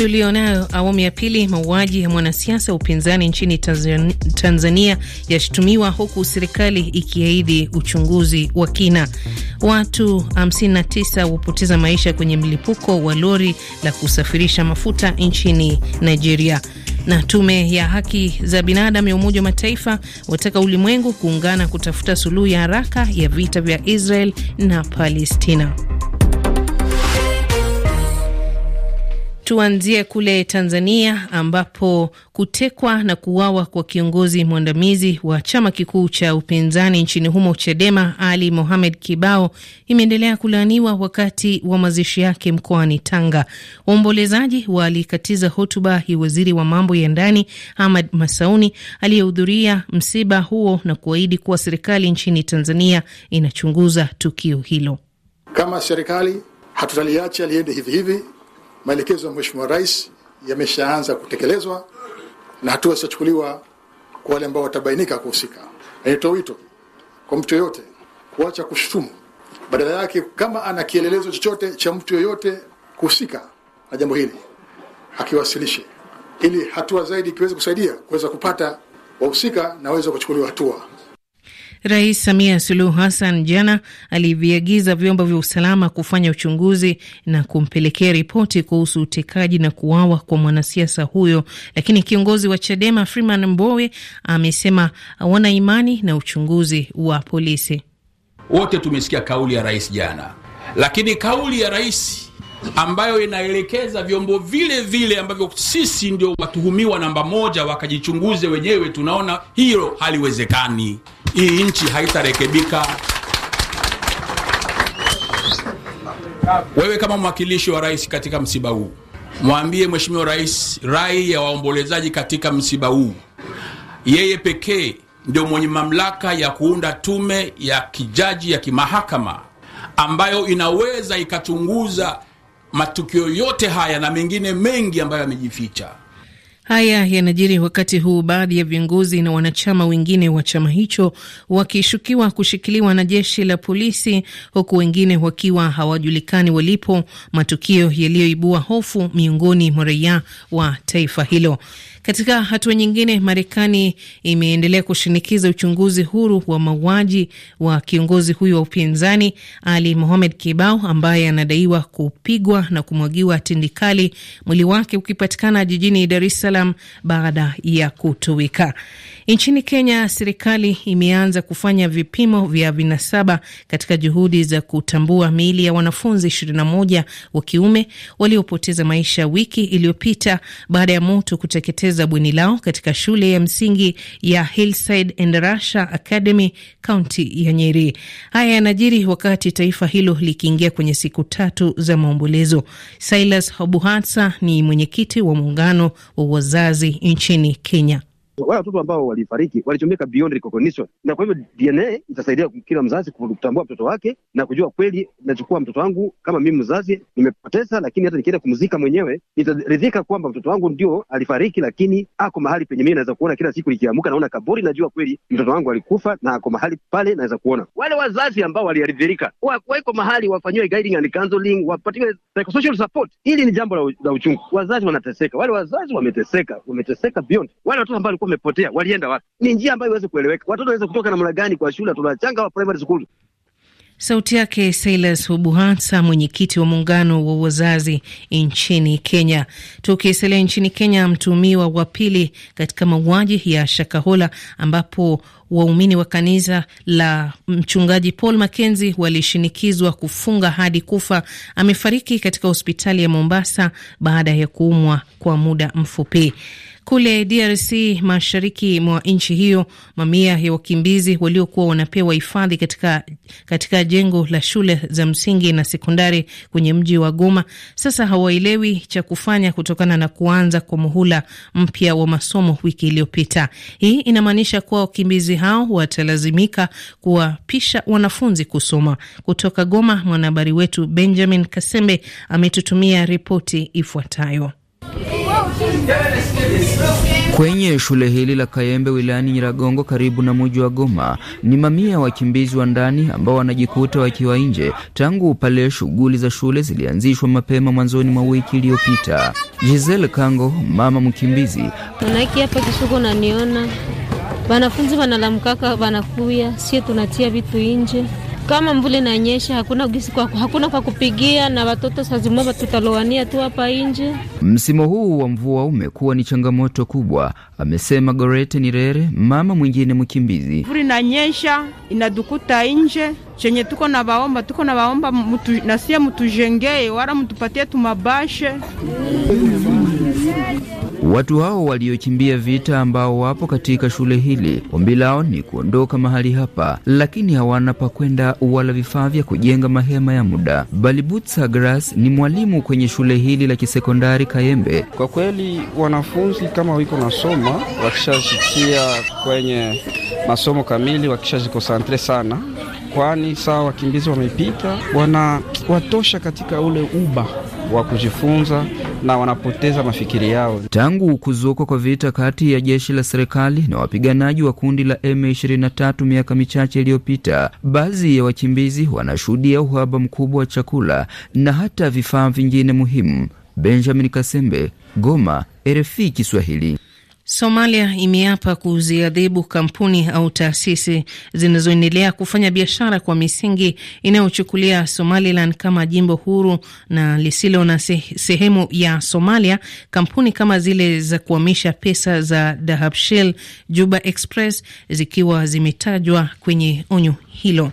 Tulionayo awamu ya pili. Mauaji ya mwanasiasa upinzani nchini Tanzania yashutumiwa huku serikali ikiahidi uchunguzi wa kina. Watu 59 hupoteza maisha kwenye mlipuko wa lori la kusafirisha mafuta nchini Nigeria na tume ya haki za binadamu ya Umoja wa Mataifa wataka ulimwengu kuungana kutafuta suluhu ya haraka ya vita vya Israel na Palestina. Tuanzie kule Tanzania ambapo kutekwa na kuuawa kwa kiongozi mwandamizi wa chama kikuu cha upinzani nchini humo Chadema, Ali Mohamed Kibao imeendelea kulaaniwa wakati wa mazishi yake mkoani Tanga. Waombolezaji walikatiza hotuba ya waziri wa mambo ya ndani Ahmad Masauni aliyehudhuria msiba huo na kuahidi kuwa serikali nchini Tanzania inachunguza tukio hilo. Kama serikali hatutaliacha liende hivi hivi maelekezo ya Mheshimiwa Rais yameshaanza kutekelezwa na hatua zitachukuliwa kwa wale ambao watabainika kuhusika. Nitoa wito kwa mtu yoyote kuacha kushutumu, badala yake kama ana kielelezo chochote cha mtu yoyote kuhusika na jambo hili akiwasilishe, ili hatua zaidi ikiweza kusaidia kuweza kupata wahusika na waweze kuchukuliwa hatua. Rais Samia Suluhu Hassan jana aliviagiza vyombo vya usalama kufanya uchunguzi na kumpelekea ripoti kuhusu utekaji na kuawa kwa mwanasiasa huyo, lakini kiongozi wa CHADEMA Freeman Mbowe amesema hawana imani na uchunguzi wa polisi. Wote tumesikia kauli ya rais jana, lakini kauli ya rais ambayo inaelekeza vyombo vile vile ambavyo sisi ndio watuhumiwa namba moja wakajichunguze wenyewe, tunaona hilo haliwezekani hii nchi haitarekebika. Wewe kama mwakilishi wa rais katika msiba huu, mwambie mheshimiwa rais, rai ya waombolezaji katika msiba huu, yeye pekee ndio mwenye mamlaka ya kuunda tume ya kijaji ya kimahakama ambayo inaweza ikachunguza matukio yote haya na mengine mengi ambayo yamejificha. Haya yanajiri wakati huu baadhi ya viongozi na wanachama wengine wa chama hicho wakishukiwa kushikiliwa na jeshi la polisi, huku wengine wakiwa hawajulikani walipo, matukio yaliyoibua hofu miongoni mwa raia wa taifa hilo. Katika hatua nyingine, Marekani imeendelea kushinikiza uchunguzi huru wa mauaji wa kiongozi huyo wa upinzani Ali Mohamed Kibao ambaye anadaiwa kupigwa na kumwagiwa tindikali, mwili wake ukipatikana jijini Dar es Salaam Salaam baada ya kutuwika. Nchini Kenya, serikali imeanza kufanya vipimo vya vinasaba katika juhudi za kutambua miili ya wanafunzi 21 wa kiume waliopoteza maisha wiki iliyopita baada ya moto kuteketeza bweni lao katika shule ya msingi ya Hillside Endarasha Academy, kaunti ya Nyeri. Haya yanajiri wakati taifa hilo likiingia kwenye siku tatu za maombolezo. Silas Obuhatsa ni mwenyekiti wa muungano wa wazazi nchini Kenya wale watoto ambao walifariki walichomeka beyond recognition, na kwa hivyo DNA itasaidia kila mzazi kutambua mtoto wake na kujua kweli, nachukua mtoto wangu kama mimi mzazi nimepoteza, lakini hata nikienda kumzika mwenyewe nitaridhika kwamba mtoto wangu ndio alifariki, lakini ako mahali penye mimi naweza kuona kila siku nikiamka, naona kaburi, najua kweli mtoto wangu alikufa na ako mahali pale naweza kuona. Wale wazazi ambao waliaridhirika wako mahali wafanyiwe guiding and counseling, wapatiwe psychosocial support. Hili ni jambo la uchungu, wazazi wanateseka, wale wazazi wameteseka, wameteseka beyond wale watoto ambao walikuwa umepotea, walienda wapi? Ni njia ambayo iweze kueleweka. Watoto waweze kutoka namna gani kwa shule? Tunachanga wa primary school. Sauti yake Silas ubuhansa mwenyekiti wa muungano wa wazazi nchini Kenya. Tukisalia nchini Kenya, mtuhumiwa wa pili katika mauaji ya Shakahola ambapo waumini wa kanisa la mchungaji Paul makenzi walishinikizwa kufunga hadi kufa amefariki katika hospitali ya Mombasa baada ya kuumwa kwa muda mfupi. Kule DRC, mashariki mwa nchi hiyo, mamia ya wakimbizi waliokuwa wanapewa hifadhi katika, katika jengo la shule za msingi na sekondari kwenye mji wa Goma sasa hawaelewi cha kufanya kutokana na kuanza kwa muhula mpya wa masomo wiki iliyopita. Hii inamaanisha kuwa wakimbizi hao watalazimika kuwapisha wanafunzi kusoma. Kutoka Goma, mwanahabari wetu Benjamin Kasembe ametutumia ripoti ifuatayo. Kwenye shule hili la Kayembe wilayani Nyiragongo karibu na mji wa Goma ni mamia ya wakimbizi wa ndani ambao wanajikuta wakiwa nje tangu pale shughuli za shule zilianzishwa mapema mwanzoni mwa wiki iliyopita. Giselle Kango, mama mkimbizi: manaki hapa Kisuko naniona wanafunzi wanalamkaka wanakuya, sie tunatia vitu nje kama mvula inanyesha, hakuna gisi kwa, hakuna kwa kupigia na watoto sazimoa tutalowania tu hapa nje. Msimu huu wa mvua umekuwa ni changamoto kubwa, amesema Gorete Nirere, mama mwingine mkimbizi. Mvula inanyesha inadukuta nje chenye tuko na baomba tuko na baomba mutu, nasia mutujengee wala mutupatie tumabashe Watu hao waliokimbia vita ambao wapo katika shule hili, ombi lao ni kuondoka mahali hapa, lakini hawana pa kwenda wala vifaa vya kujenga mahema ya muda. Balibutsa Gras ni mwalimu kwenye shule hili la kisekondari Kayembe. Kwa kweli wanafunzi kama wiko nasoma, wakishazikia kwenye masomo kamili, wakishazikosantre sana kwani saa wakimbizi wamepita, wana watosha katika ule uba wa kujifunza na wanapoteza mafikiri yao. Tangu kuzuka kwa vita kati ya jeshi la serikali na wapiganaji wa kundi la M23 miaka michache iliyopita, baadhi ya wakimbizi wanashuhudia uhaba mkubwa wa chakula na hata vifaa vingine muhimu. Benjamin Kasembe, Goma, RFI Kiswahili. Somalia imeapa kuziadhibu kampuni au taasisi zinazoendelea kufanya biashara kwa misingi inayochukulia Somaliland kama jimbo huru na lisilo na sehemu ya Somalia, kampuni kama zile za kuhamisha pesa za Dahabshil Juba Express zikiwa zimetajwa kwenye onyo hilo.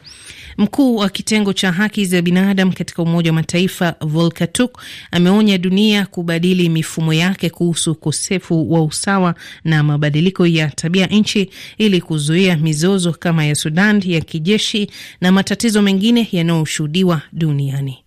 Mkuu wa kitengo cha haki za binadamu katika Umoja wa Mataifa Volker Turk ameonya dunia kubadili mifumo yake kuhusu ukosefu wa usawa na mabadiliko ya tabia nchi ili kuzuia mizozo kama ya Sudan ya kijeshi na matatizo mengine yanayoshuhudiwa duniani.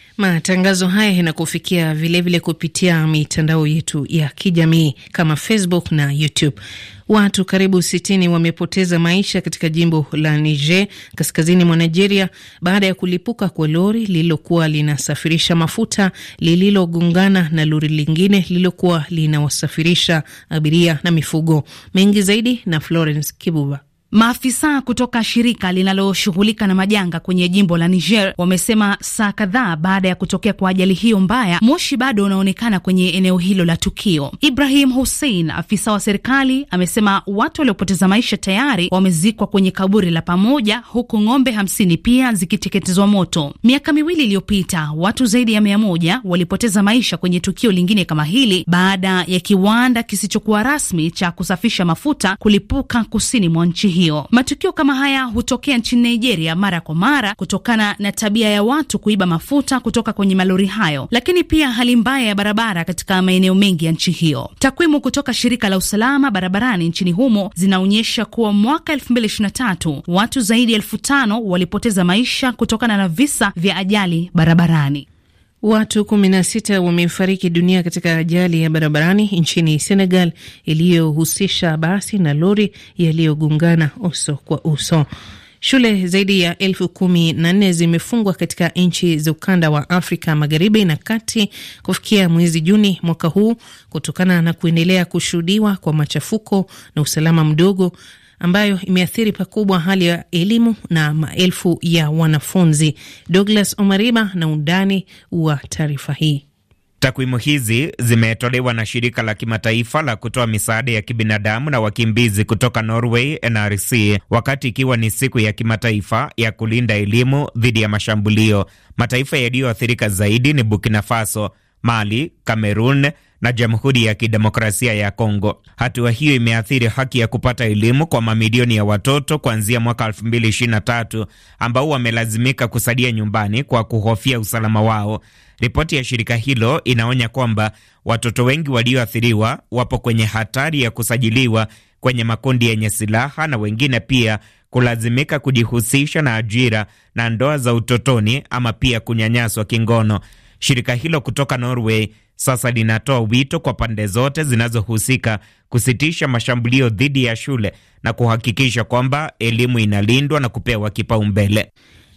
Matangazo haya yanakufikia vilevile kupitia mitandao yetu ya kijamii kama Facebook na YouTube. Watu karibu sitini wamepoteza maisha katika jimbo la Niger kaskazini mwa Nigeria baada ya kulipuka kwa lori lililokuwa linasafirisha mafuta lililogongana na lori lingine lililokuwa linawasafirisha abiria na mifugo mengi zaidi. Na Florence Kibuba. Maafisa kutoka shirika linaloshughulika na majanga kwenye jimbo la Niger wamesema saa kadhaa baada ya kutokea kwa ajali hiyo mbaya, moshi bado unaonekana kwenye eneo hilo la tukio. Ibrahim Hussein, afisa wa serikali, amesema watu waliopoteza maisha tayari wamezikwa kwenye kaburi la pamoja, huku ng'ombe hamsini pia zikiteketezwa moto. Miaka miwili iliyopita watu zaidi ya mia moja walipoteza maisha kwenye tukio lingine kama hili baada ya kiwanda kisichokuwa rasmi cha kusafisha mafuta kulipuka kusini mwa nchi hii hiyo. Matukio kama haya hutokea nchini Nigeria mara kwa mara kutokana na tabia ya watu kuiba mafuta kutoka kwenye malori hayo, lakini pia hali mbaya ya barabara katika maeneo mengi ya nchi hiyo. Takwimu kutoka shirika la usalama barabarani nchini humo zinaonyesha kuwa mwaka 2023 watu zaidi ya elfu tano walipoteza maisha kutokana na visa vya ajali barabarani. Watu 16 wamefariki dunia katika ajali ya barabarani nchini Senegal iliyohusisha basi na lori yaliyogongana uso kwa uso. Shule zaidi ya elfu kumi na nne zimefungwa katika nchi za ukanda wa Afrika magharibi na kati kufikia mwezi Juni mwaka huu kutokana na kuendelea kushuhudiwa kwa machafuko na usalama mdogo ambayo imeathiri pakubwa hali ya elimu na maelfu ya wanafunzi. Douglas Omariba na undani wa taarifa hii. Takwimu hizi zimetolewa na shirika la kimataifa la kutoa misaada ya kibinadamu na wakimbizi kutoka Norway, NRC, wakati ikiwa ni siku ya kimataifa ya kulinda elimu dhidi ya mashambulio. Mataifa yaliyoathirika zaidi ni Burkina Faso Mali, Kamerun na Jamhuri ya Kidemokrasia ya Kongo. Hatua hiyo imeathiri haki ya kupata elimu kwa mamilioni ya watoto kuanzia mwaka 2023 ambao wamelazimika kusalia nyumbani kwa kuhofia usalama wao. Ripoti ya shirika hilo inaonya kwamba watoto wengi walioathiriwa wapo kwenye hatari ya kusajiliwa kwenye makundi yenye silaha na wengine pia kulazimika kujihusisha na ajira na ndoa za utotoni ama pia kunyanyaswa kingono. Shirika hilo kutoka Norway sasa linatoa wito kwa pande zote zinazohusika kusitisha mashambulio dhidi ya shule na kuhakikisha kwamba elimu inalindwa na kupewa kipaumbele.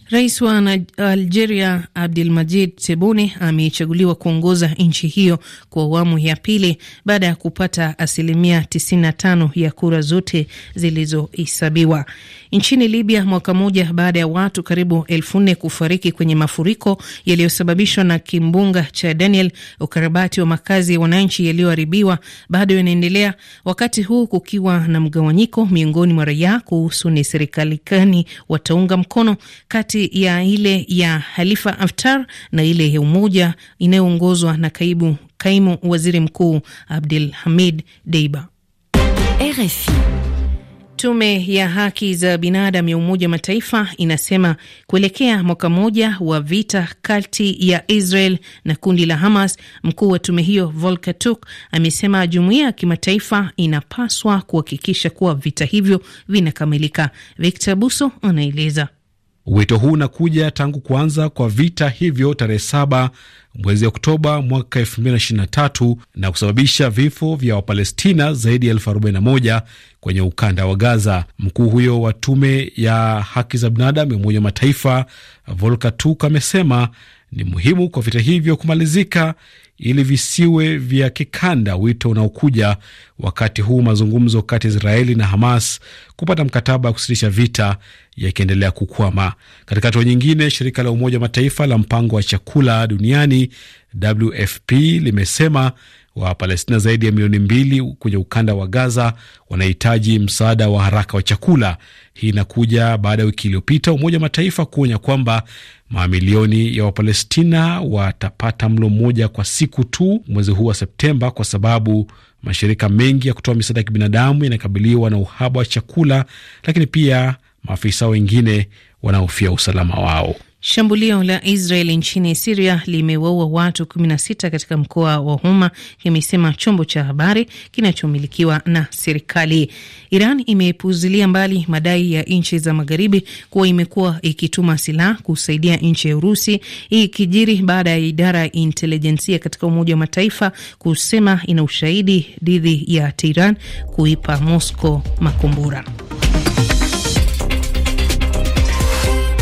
Rais wa Algeria majid Tebboune amechaguliwa kuongoza nchi hiyo kwa awamu ya pili baada ya kupata asilimia 95 ya kura zote zilizohesabiwa. Nchini Libya, mwaka mmoja baada ya watu karibu elfu nne kufariki kwenye mafuriko yaliyosababishwa na kimbunga cha Daniel, ukarabati wa makazi ya wananchi yaliyoharibiwa bado yanaendelea, wakati huu kukiwa na mgawanyiko miongoni mwa raia kuhusu ni serikali gani wataunga mkono kati kati ya ile ya Halifa Haftar na ile ya umoja inayoongozwa na kaibu, kaimu waziri mkuu Abdul Hamid Deiba. RFI. Tume ya haki za binadamu ya Umoja Mataifa inasema kuelekea mwaka mmoja wa vita kati ya Israel na kundi la Hamas, mkuu wa tume hiyo Volker Turk amesema jumuiya ya kimataifa inapaswa kuhakikisha kuwa vita hivyo vinakamilika. Victor Buso anaeleza. Wito huu unakuja tangu kuanza kwa vita hivyo tarehe saba mwezi Oktoba mwaka 2023 na kusababisha vifo vya Wapalestina zaidi ya elfu arobaini na moja kwenye ukanda wa Gaza. Mkuu huyo wa tume ya haki za binadamu ya Umoja wa Mataifa Volker Turk amesema ni muhimu kwa vita hivyo kumalizika ili visiwe vya kikanda, wito unaokuja wakati huu mazungumzo kati ya Israeli na Hamas kupata mkataba wa kusitisha vita yakiendelea kukwama. Katika hatua nyingine, shirika la Umoja wa Mataifa la mpango wa chakula duniani WFP limesema Wapalestina zaidi ya milioni mbili kwenye ukanda wa Gaza wanahitaji msaada wa haraka wa chakula. Hii inakuja baada ya wiki iliyopita Umoja wa Mataifa kuonya kwamba mamilioni ya Wapalestina watapata mlo mmoja kwa siku tu mwezi huu wa Septemba, kwa sababu mashirika mengi ya kutoa misaada ya kibinadamu yanakabiliwa na uhaba wa chakula, lakini pia maafisa wengine wanahofia usalama wao. Shambulio la Israel nchini Siria limewaua watu 16 katika mkoa wa Huma, kimesema chombo cha habari kinachomilikiwa na serikali. Iran imepuzilia mbali madai ya nchi za magharibi kuwa imekuwa ikituma silaha kusaidia nchi ya Urusi. Hii ikijiri baada ya idara ya intelijensia katika Umoja wa Mataifa kusema ina ushahidi dhidi ya Tehran kuipa Moscow makombora.